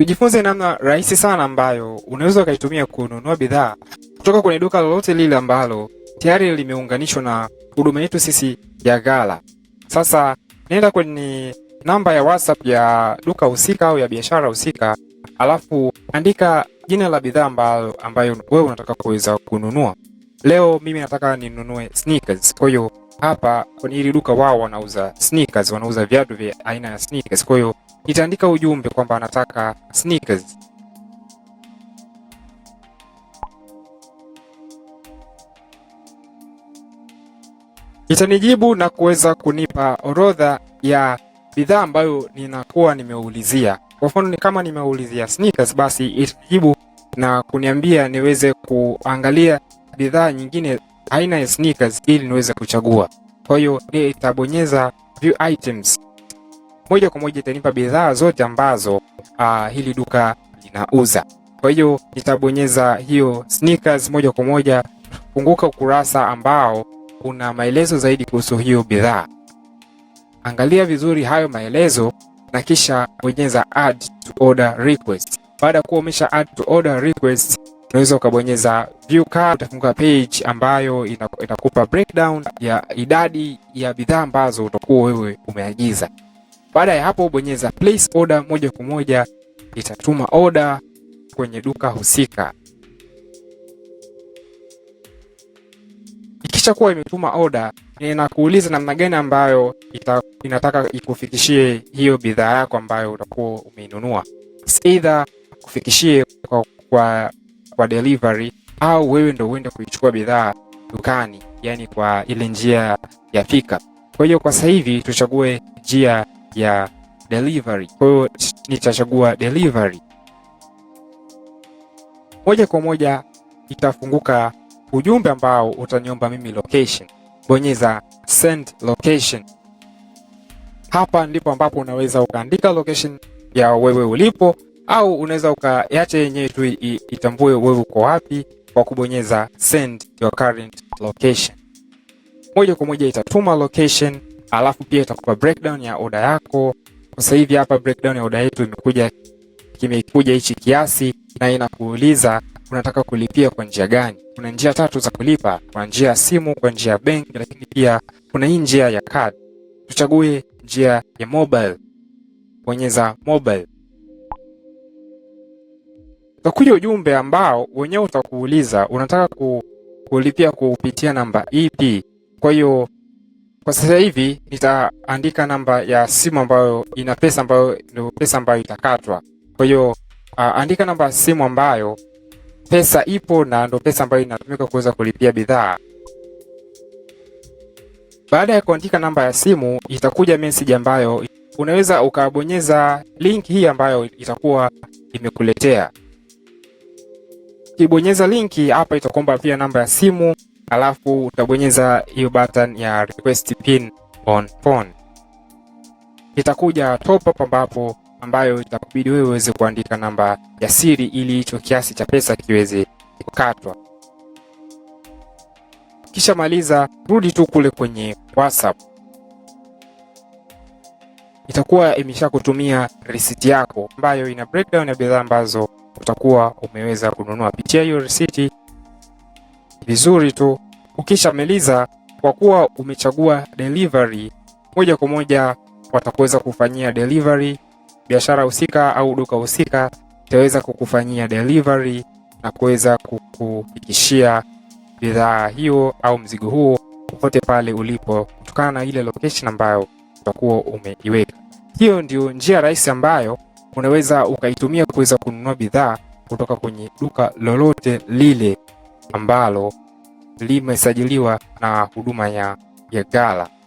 Tujifunze namna rahisi sana ambayo unaweza ukaitumia kununua bidhaa kutoka kwenye duka lolote lile ambalo tayari limeunganishwa na huduma yetu sisi ya Ghala. Sasa nenda kwenye namba ya WhatsApp ya duka husika au ya biashara husika, alafu andika jina la bidhaa ambayo, ambayo wewe unataka kuweza kununua. Leo mimi nataka ninunue sneakers. Kwa hiyo hapa kwenye hili duka wao wanauza sneakers, wanauza viatu vya aina ya sneakers. Kwa hiyo nitaandika ujumbe kwamba anataka sneakers. Itanijibu na kuweza kunipa orodha ya bidhaa ambayo ninakuwa nimeulizia. Kwa mfano, ni kama nimeulizia sneakers, basi itanijibu na kuniambia niweze kuangalia bidhaa nyingine aina ya sneakers ili niweze kuchagua. Kwa hiyo nitabonyeza view items moja kwa moja itanipa bidhaa zote ambazo uh, hili duka linauza. Kwa hiyo nitabonyeza hiyo sneakers, moja kwa moja funguka ukurasa ambao kuna maelezo zaidi kuhusu hiyo bidhaa. Angalia vizuri hayo maelezo na kisha bonyeza add to order request. Baada ya kuwa umesha add to order request, unaweza ukabonyeza view card, utafunguka page ambayo itakupa breakdown ya idadi ya bidhaa ambazo utakuwa wewe umeagiza. Baada ya hapo, bonyeza place order, moja kwa moja itatuma order kwenye duka husika. ikisha kuwa imetuma order, inakuuliza namna gani ambayo ita, inataka ikufikishie hiyo bidhaa yako ambayo utakuwa umeinunua, either kufikishie kwa, kwa, kwa delivery au wewe ndo uende kuichukua bidhaa dukani, yani kwa ile njia ya pickup. Kwa hiyo kwa sasa hivi tuchague njia ya delivery. Kwa hiyo nitachagua delivery, moja kwa moja itafunguka ujumbe ambao utaniomba mimi location. Bonyeza send location. Hapa ndipo ambapo unaweza ukaandika location ya wewe ulipo, au unaweza ukaacha yenyewe tu itambue wewe uko wapi kwa kubonyeza send your current location. Moja kwa moja itatuma location alafu pia itakupa breakdown ya oda yako. Sasa hivi hapa breakdown ya oda yetu imekuja kimekuja hichi kiasi, na inakuuliza unataka kulipia kwa njia gani? Kuna njia tatu za kulipa, kwa njia ya simu, kwa njia ya benki, lakini pia kuna hii njia ya card. Tuchague njia ya mobile, bonyeza mobile. Utakuja ujumbe ambao wenyewe utakuuliza unataka kulipia kupitia namba ipi. Kwa hiyo kwa sasa hivi nitaandika namba ya simu ambayo ina pesa ambayo ndio pesa ambayo itakatwa. Kwa hiyo andika namba ya simu ambayo pesa ipo na ndio pesa ambayo inatumika kuweza kulipia bidhaa. Baada ya kuandika namba ya simu, itakuja message ambayo unaweza ukabonyeza link hii ambayo itakuwa imekuletea. Ukibonyeza linki hapa, itakuomba pia namba ya simu alafu utabonyeza hiyo button ya request pin on phone. Itakuja top up ambapo ambayo itakubidi wewe uweze kuandika namba ya siri ili hicho kiasi cha pesa kiweze kukatwa. Kisha maliza, rudi tu kule kwenye WhatsApp, itakuwa imeshakutumia risiti yako ambayo ina breakdown ya bidhaa ambazo utakuwa umeweza kununua. Pitia hiyo risiti vizuri tu. Ukishamaliza, kwa kuwa umechagua delivery, moja kwa moja watakuweza kufanyia delivery. Biashara husika au duka husika itaweza kukufanyia delivery na kuweza kukufikishia bidhaa hiyo au mzigo huo popote pale ulipo, kutokana na ile location ambayo utakuwa umeiweka. Hiyo ndio njia rahisi ambayo unaweza ukaitumia kuweza kununua bidhaa kutoka kwenye duka lolote lile ambalo limesajiliwa na huduma ya Yagala.